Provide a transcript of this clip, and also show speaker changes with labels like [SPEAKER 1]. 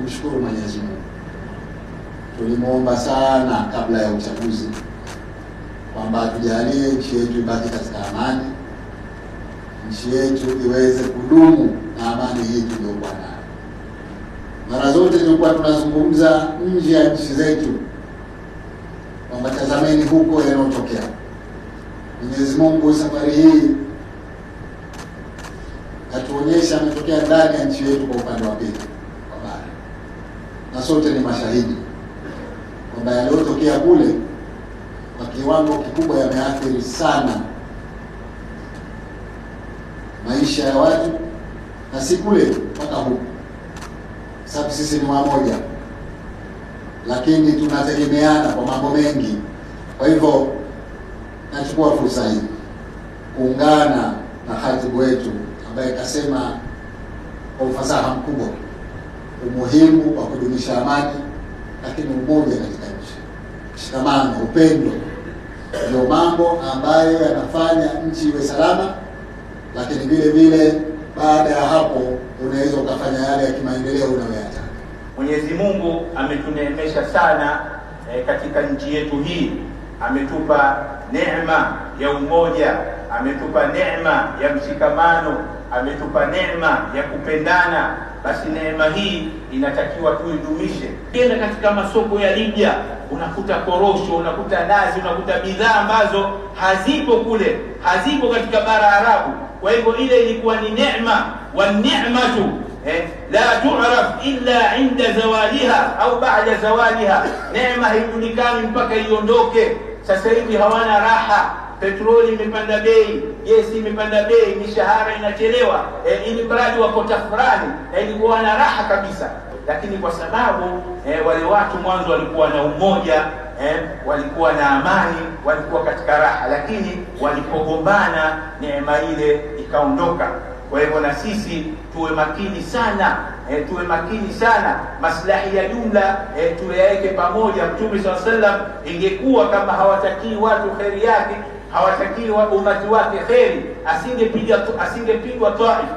[SPEAKER 1] Tumshukuru Mwenyezi Mungu, tulimwomba sana kabla ya uchaguzi kwamba tujalie nchi yetu ibaki katika amani, nchi yetu iweze kudumu na amani hii tuliyokuwa nayo. Mara zote tulikuwa tunazungumza nje ya nchi zetu kwamba tazameni huko yanayotokea. Mwenyezi Mungu safari hii katuonyesha ametokea ndani ya nchi yetu kwa upande wa pili na sote ni mashahidi kwamba yaliyotokea kule kwa kiwango kikubwa yameathiri sana maisha ya watu, na si kule mpaka huku, sababu sisi ni wamoja, lakini tunategemeana kwa mambo mengi. Kwa hivyo nachukua fursa hii kuungana na hatibu wetu ambaye kasema kwa ufasaha mkubwa umuhimu wa kudumisha amani, lakini umoja katika nchi, mshikamano, upendo, ndio mambo ambayo yanafanya nchi iwe salama. Lakini vile vile baada ya hapo unaweza ukafanya yale ya kimaendeleo unayoyataka.
[SPEAKER 2] Mwenyezi Mungu ametuneemesha sana eh, katika nchi yetu hii ametupa neema ya umoja, ametupa neema ya mshikamano, ametupa neema ya kupendana. Basi neema hii inatakiwa tuidumishe. Kienda katika masoko ya Libya unakuta korosho, unakuta nazi, unakuta bidhaa ambazo hazipo kule, hazipo katika bara Arabu. Kwa hivyo ile ilikuwa ni neema wa ni'matu eh, la tu'raf illa inda zawaliha au ba'da zawaliha. Neema haijulikani mpaka iondoke. Sasa hivi hawana raha petroli imepanda bei, gesi imepanda bei, mishahara inachelewa, e, ili mradi wakota fulani e, eh, ilikuwa na raha kabisa, lakini kwa sababu e, wale watu mwanzo walikuwa na umoja e, walikuwa na amani, walikuwa katika raha, lakini walipogombana neema ile ikaondoka. Kwa hivyo na sisi tuwe makini sana e, tuwe makini sana, maslahi ya jumla e, tuyaweke pamoja. Mtume swalla sallam, ingekuwa kama hawatakii watu kheri yake hawatakii wa umati wake kheri, asingepigwa Taif.